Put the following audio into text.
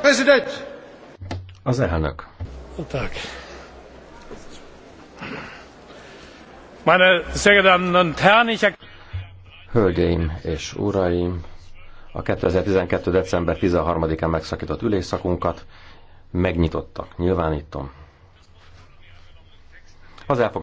Prezident! Az elnök. Tak. Meine sehr geehrten und Herren, ich... Hölgyeim és uraim, a 2012. december 13-án megszakított ülésszakunkat megnyitottak. Nyilvánítom. Az elfog...